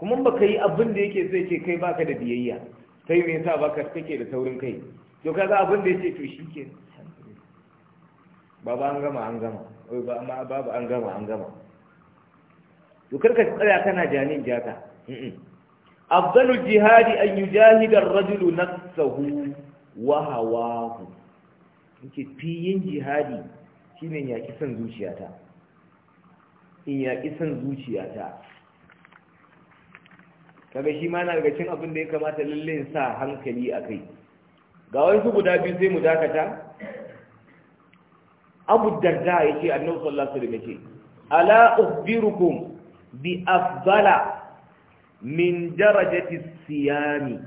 kuma ba ka yi abin da yake so yake kai baka da biyayya kai me yasa baka kake da saurin kai to kaga abin da yake to shi ke baba an gama an gama ba amma babu an gama an gama to karka tsaya kana janin jaka afdalu jihadi an yujahida ar-rajulu nafsahu wa hawahu yake fiyin jihadi shine yaki san zuciyata in yaki san zuciyata kaga shi ma na daga cin abin da ya kamata lalle sa hankali akai ga wani su guda biyu sai mu dakata abu darda ya ce annabi sallallahu alaihi wasallam ya ce ala ukhbirukum bi afdala min darajati siyami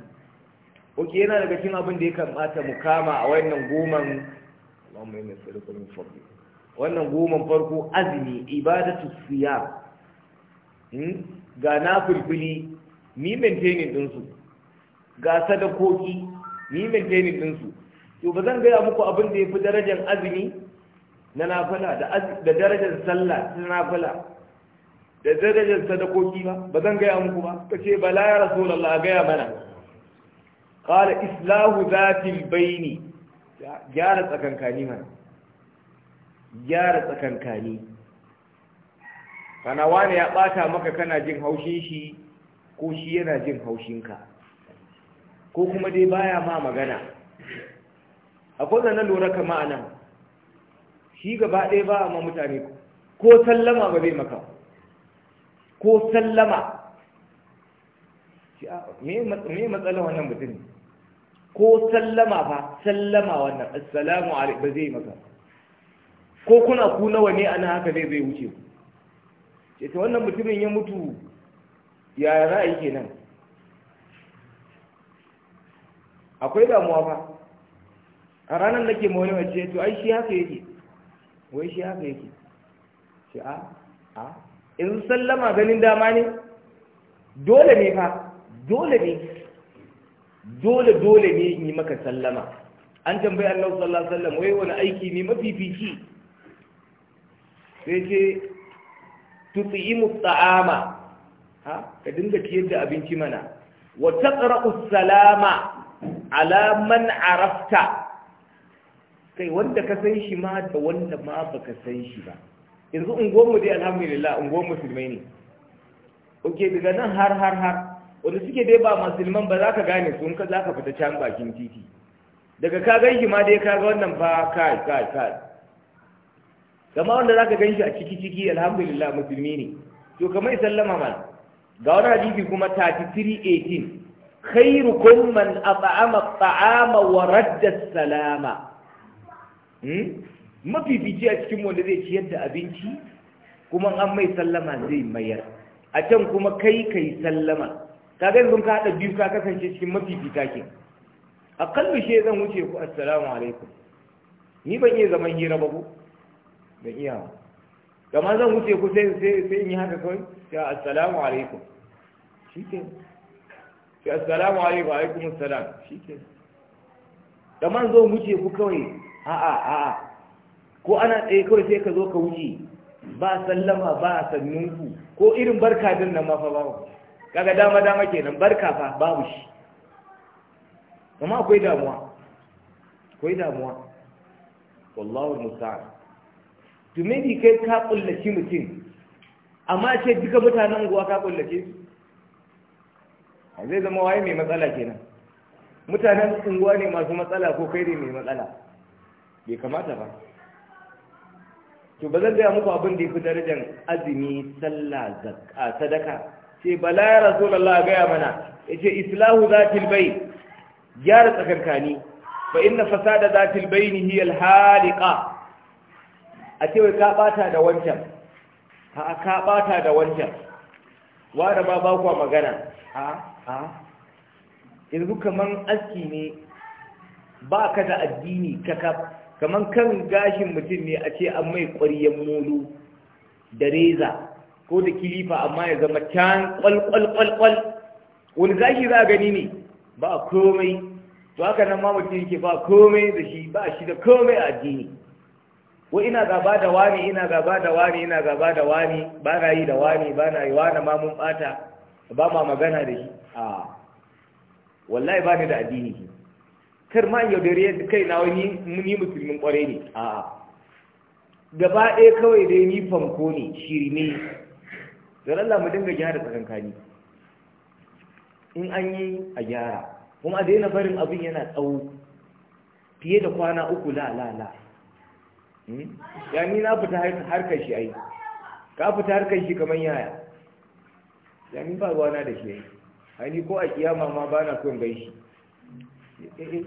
oke yana daga cikin abin da ya kamata mu kama a wannan goman Allahumma inna nas'aluka min wannan goman farko azumi ibadatu siyam hmm? ga nafilfili ni maintaining din su ga sadakoki ni maintaining din su to ba zan gaya muku abin da ya fi darajar azumi na nafila da darajar sallah na nafila da darajar sadakoki ba ba zan gaya muku ba ka ce bala ya rasulallah gaya mana qala islahu zatil baini gyara tsakankani mana gyara tsakankani kana wani ya ɓata maka kana jin haushin shi ko shi yana jin haushin ka. ko kuma dai baya ma magana akwai zanen lura kama anan shi gaba ɗaya ba amma mutane ko sallama ba zai maka ko sallama me matsala wannan mutum ko sallama ba sallama wannan assalamu alaikum ba zai maka ko kuna ku nawa ne ana haka zai zai wuce ku ce ta wannan mutumin ya mutu ya ra'ayi kenan akwai damuwa ba a ranar nake mawani wace to ai shi haka yake wai shi haka yake shi a a in sallama ganin dama ne dole ne fa dole ne dole dole ne in yi maka sallama an tambayi Allah sallallahu alaihi wasallam wai wani aiki ne mafifici sai ce tutsimu ta'ama ha ka dinga ciyar da abinci mana wa taqra'u salama ala man arafta kai wanda ka san shi ma da wanda ma baka san shi ba yanzu unguwanmu dai alhamdulillah unguwan musulmai ne oke daga nan har har har wanda suke dai ba musulman ba za ka gane sun ka za ka fita can bakin titi daga ka gan shi ma dai ka ga wannan ba kai kai kai kamar wanda za ka gan shi a ciki ciki alhamdulillah musulmi ne to kamar sallama ma ga wani hadisi kuma 3318 khairukum man at'ama at'ama wa radda salama Hmm? mafifici a cikin wanda zai ciyar da abinci kuma an mai sallama zai mayar a can kuma kai ka yi sallama kaga yanzu ka haɗa biyu ka kasance cikin mafifita ke akallu shi zan wuce ku assalamu alaikum ni ban iya zaman hira ba ku ban iya ba gama zan wuce ku sai in yi haka kawai ya assalamu alaikum shi ke ya assalamu alaikum alaikum assalam shi ke gama zan wuce ku kawai a'a a'a ko ana tsaye kawai sai ka zo ka wuce ba sallama ba sannunku ko irin barka din nan ma fa babu kaga dama dama kenan barka fa babu shi amma akwai damuwa akwai damuwa wallahu musta'an to maybe kai ka kullaci mutum amma ce duka mutanen guwa ka kullace su zai zama waye mai matsala kenan mutanen unguwa ne masu matsala ko kai ne mai matsala bai kamata ba to ba zan gaya muku abin da ya fi darajar azumi sallah zakka sadaka sai bala ya rasulullah gaya mana Ya ce, islahu zatil bai gyara tsakankani fa inna fasada zatil bayni hiya al a ce wai ka bata da wancan a ka bata da wancan wanda ma ba kwa magana a a yanzu kaman aski ne ba ka da addini kakaf kamar kan gashin mutum ne a ce an mai ƙwaryen molo da reza ko da kilifa amma ya zama can ƙwalƙwalƙwalƙwal wani gashi za a gani ne ba a komai to haka nan ma mutum yake ba komai da shi ba shi da komai a addini wa ina gaba da wani ina gaba da wani ina gaba da wani ba na yi da wani ba na yi wani ma mun bata ba ma magana da shi a wallahi ba ni da addini kar ma yaudare kai na wani muni musulmin kwarai ne a gaba ɗaya kawai dai ni famko ne shiri ne Da Allah mu dinga gyara tsakankani in an yi a gyara kuma a daina barin abin yana tsawo fiye da kwana uku la la la hmm? ya ni na fita harkar shi ai ka fita harkar shi kamar yaya ya ni ba ruwana da shi ai ni ko a kiyama ma ba na son gaishe eh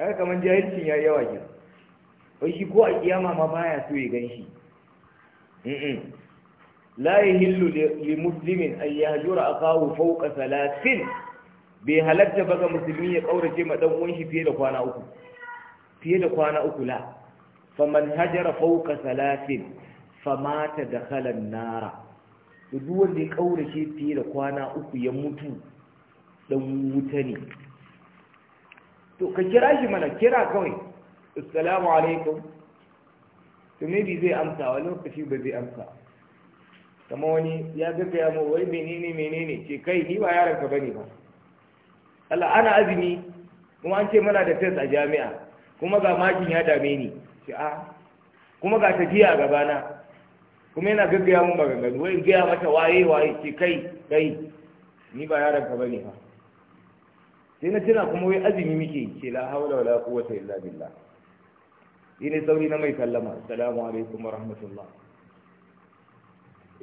eh kamar jahilcin ya yawa ke wai shi ko a kiyama ma baya so ya gan shi la yahillu li muslimin an a kawo fauka salatin bai halatta ba musulmi ya kaurace ma dan uwan shi fiye da kwana uku fiye da kwana uku la Fa faman fauka salatin fa mata da an-nara duk wanda ya kaurace fiye da kwana uku ya mutu ɗan wuta ne to ka kira shi mana kira kawai assalamu alaikum to maybe zai amsa wani lokaci ba zai amsa kama wani ya ya mu wai menene menene ce kai ni ba yaron ka bane ba Allah ana azumi kuma an ce mana da test a jami'a kuma ga makin ya dame ni ce a kuma ga tafiya a gabana kuma yana gaggaya mun maganganu wai gaya mata waye waye ce kai kai ni ba yaron ka bane ba sai na tuna kuma wai azumi muke ce la haula wala quwwata illa billah ne sauri na mai sallama assalamu alaikum wa rahmatullah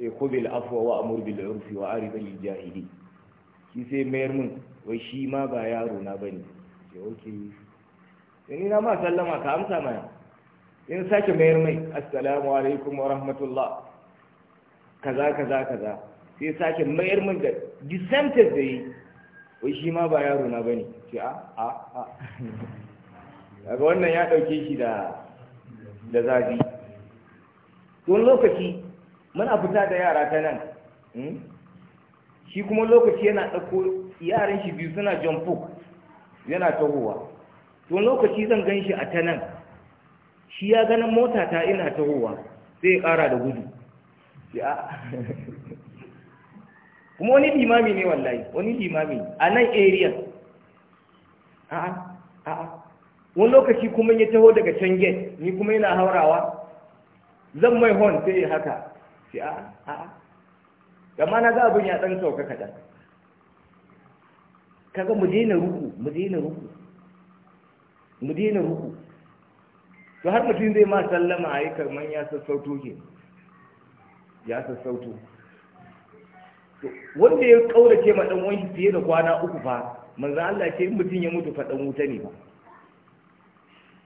eh khubil afwa wa amur bil urfi wa arib lil jahili shi sai mayar mun wai shi ma ba yaro na bane ce oke ni na ma sallama ka amsa mana in sake mayar mai assalamu alaikum wa rahmatullah kaza kaza kaza sai sake mayar mun da dissented da yi wai shi ma ba yaro na bane ce a a a daga wannan ya dauke shi da da zafi don lokaci muna fita da yara ta nan hmm? shi kuma lokaci yana ɗauko yaran shi biyu suna john fook yana tahowa to lokaci zan gan shi a ta nan shi ya ganin mota ta ina tahowa sai ya kara da gudu [LAUGHS] kuma wani limami ne wallahi wani limami a nan area a'a a'a wani lokaci kuma ya taho daga can gate ni kuma yana haurawa zan mai hon sai ya haka sai a a gama na ga abin ya dan sauka kaɗan kaga mu daina ruku mu daina ruku mu daina ruku to har mutum zai ma sallama a yi kamar ya sassauto ke ya sassauto wanda ya ce ma dan wani fiye da kwana uku fa manzo Allah ce in mutum ya mutu fa dan wuta ne ba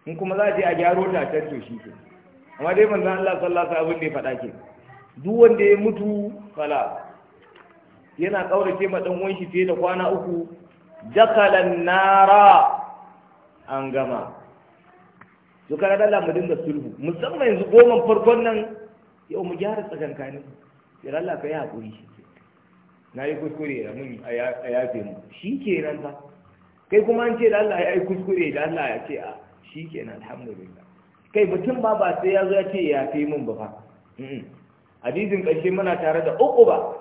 in kuma za a je a gyaro ta ta to shi ke amma dai manzo Allah sallallahu alaihi wasallam ne faɗa ke duk wanda ya mutu fala yana ce ma dan wani fiye da kwana uku dakalan nara an gama to kada dalla mu dinga sulhu musamman yanzu goma farkon nan yau mu gyara tsakankani sai Allah ka yi hakuri na yi kuskure a mun a yafe mu shi kenan fa kai kuma an ce da Allah ya yi kuskure da Allah ya ce a shi kenan alhamdulillah kai mutum ba ba sai ya zo ya ce ya fi mun ba fa hadisin ƙarshe muna tare da uku ba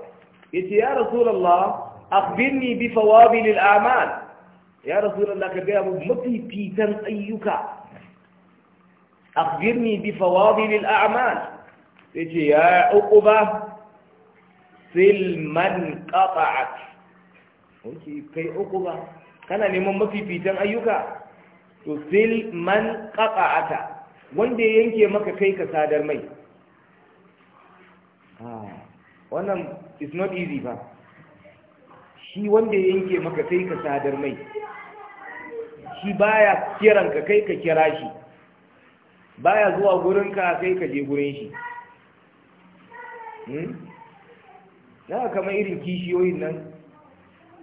yace ya rasulullah akhbirni bi fawadil al-a'mal ya rasulullah ka ga mu mafifitan ayyuka akhbirni bi fawadil al-a'mal yace ya uku ba. silman qata'at oke kai uku ba kana neman mafifitan ayyuka to silman qata'ata wanda ya yanke maka kai ka sadar mai wannan is not easy ba shi wanda ya yanke maka kai ka sadar mai shi baya kiran ka kai ka kira shi baya zuwa gurinka kai ka je gurin shi hmm? na kamar irin kishiyoyin nan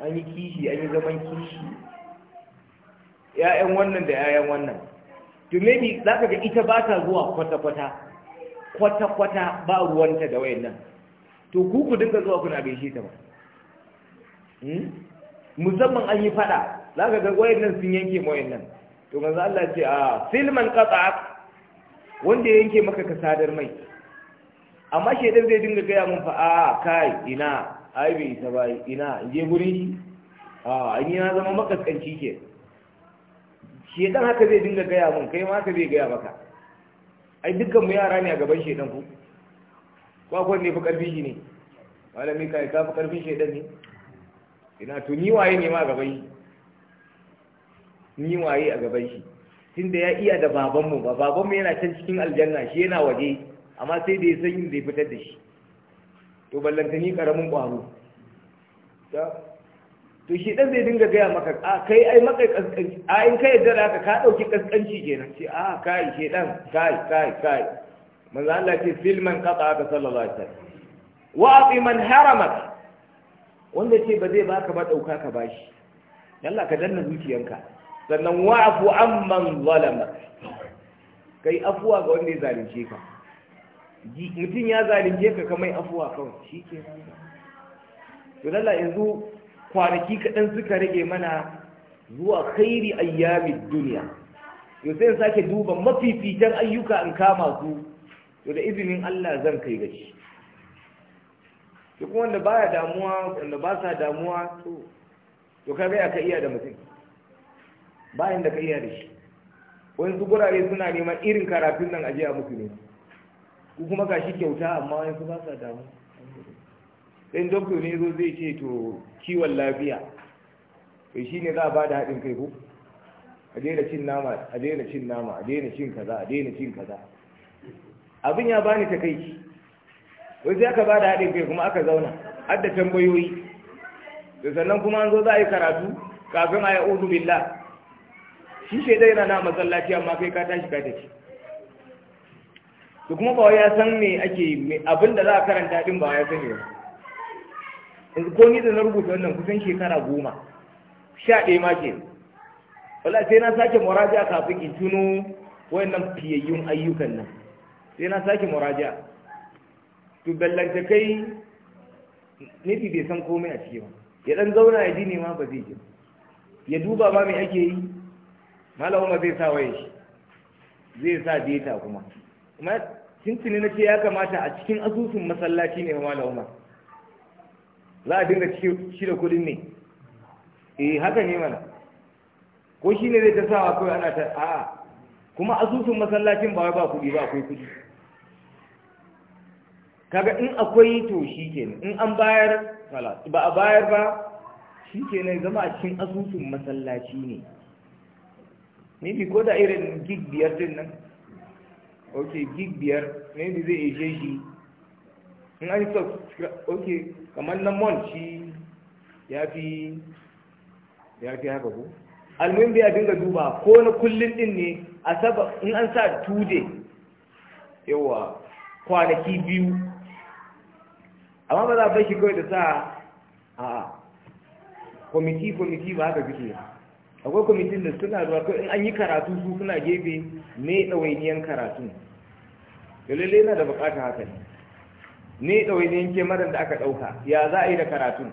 an yi kishi an yi zaman kishi ‘ya'yan wannan da ‘ya'yan wannan to maybe za ka ga ita ba ta zuwa kwata-kwata kwata-kwata ba ruwanta da wayan nan to ku ku dinga zuwa kuna shi ta ba hmm? musamman an yi fada za ka ga wayan nan sun yanke ma wayan nan to ganzu Allah ce a ah, silman kasa wanda yanke maka ka sadar mai amma shaidan zai dinga gaya mun fa a kai ina ai bai isa ba ina in je guri shi a an yi na zama makaskanci ke shaidan haka zai dinga gaya mun kai ma haka zai gaya maka ai dukkan mu yara ne a gaban shaidan ku ko akwai ne fi karfi shi ne malami kai ka fi karfin shaidan ne ina to ni waye ne ma a gaban shi ni waye a gaban shi tunda ya iya da babanmu ba babanmu yana can cikin aljanna shi yana waje amma sai da ya san yin da ya fitar da shi to ballantani karamin ƙwaro to shi dan zai dinga gaya maka a kai ai maka kaskanci a in kai yadda da ka dauki kaskanci kenan ce a kai shi dan kai kai kai manzo Allah ce filman qata ka sallallahu alaihi wasallam wa ati man haramak wanda ce ba zai baka ba dauka ka bashi yalla ka danna zuciyanka sannan wa'fu amman zalama kai afuwa ga wanda ya zalunce ka mutum ya zalunce ka kamai afuwa kawai shi ke Ba lalla yanzu kwanaki kaɗan suka rage mana zuwa khairi ayyamin duniya yau sai sake duba mafifitan ayyuka in kama su to da izinin Allah zan kai gaci duk wanda baya damuwa wanda ba sa damuwa to to ka ga ka iya da mutum bayan da ka iya da shi wani su gurare suna neman irin karatun nan ajiya a musu ne ku kuma ga shi kyauta amma wani kuma sa damu ɗan doktor ne zo zai ce to kiwon lafiya kai shi ne za a ba da haɗin kai ko a daina cin nama a daina cin nama a daina cin kaza a daina cin kaza abin ya bani ta kai wai sai aka ba da haɗin kai kuma aka zauna har da tambayoyi da sannan kuma an zo za a yi karatu kafin a yi billah shi shaidai yana na masallaci amma kai ka tashi ka tafi to kuma ba ya san me ake abin da za a karanta din ba ya sani ba yanzu ko ni da na rubuta wannan kusan shekara goma sha ɗaya ma ke wala sai na sake muraja kafin in tuno wayannan fiyayyun ayyukan nan sai na sake muraja to ballanta kai nufi bai san komai a ciki ba ya dan zauna ya ji ne ma ba zai ji ya duba ma me ake yi malama zai sa waye shi zai sa data kuma kuma tuni na ce ya kamata a cikin asusun masallaci ne mawala umar za a dinga da kudin ne eh haka ne mana ko shi ne zai ta sawa kawai ana ta a'a kuma asusun masallacin ba ba kudi ba akwai kudi kaga in akwai to shi kenan in an bayar ba a bayar ba shi kenan zama a cikin asusun masallaci ne ne ko da irin gig biyar din nan ok gig biyar na yadda zai ishe shi in an sa, ok kamar na mon shi ya fi ya fi haka ko almuhim biya dinga duba ko na kullum din ne a saba in an sa tude yawa kwanaki biyu amma ba za a bai shi kawai da sa a kwamiti kwamiti ba haka ke. akwai kwamitin da suna zuwa ko in an yi karatu su suna gefe ne ɗawainiyan karatu da lalle yana da bukata haka ne ne ɗawainiyan kemarar da aka ɗauka ya za a yi da karatu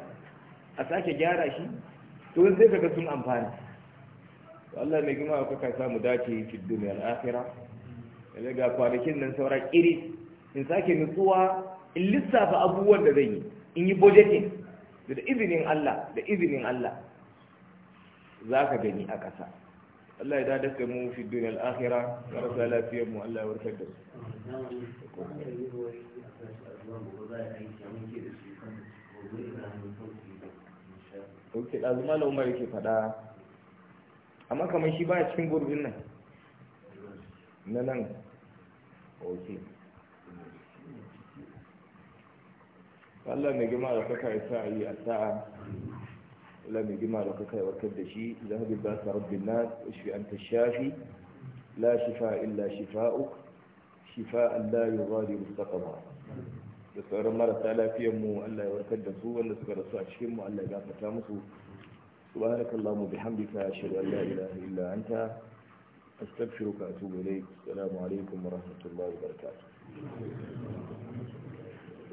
a sake gyara shi to sai kaga sun to Allah mai gima ka ka samu dace fi duniya al'akhirah da ga kwanakin nan sauran iri in sake nutsuwa in lissafa abubuwan da zan yi in yi budgeting da izinin Allah da izinin Allah za ka gani a ƙasa Allah ya da daga mu fi duniyar akhira ya rasa lafiyar mu Allah ya warkar da su ok ɗazu malam umar yake faɗa amma kamar shi ba cikin gurbin nan na nan ok Allah mai gima da saka ya sa a yi a sa'a لم يجمع لك وكد شيء ذهب بات رب الناس اشف أنت الشافي لا شفاء إلا شفاؤك شفاء لا يغادر سقما da sauran marasa lafiyanmu Allah ya warkar da su wanda suka rasu a cikinmu Allah ya gafarta musu subhanakallahu bihamdika ashhadu an la ilaha illa anta astaghfiruka wa atubu ilayk assalamu alaikum wa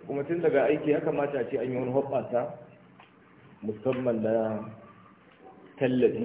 kuma tun daga aiki ya kamata a ce an yi wani hoɓɓasa musamman na tallafi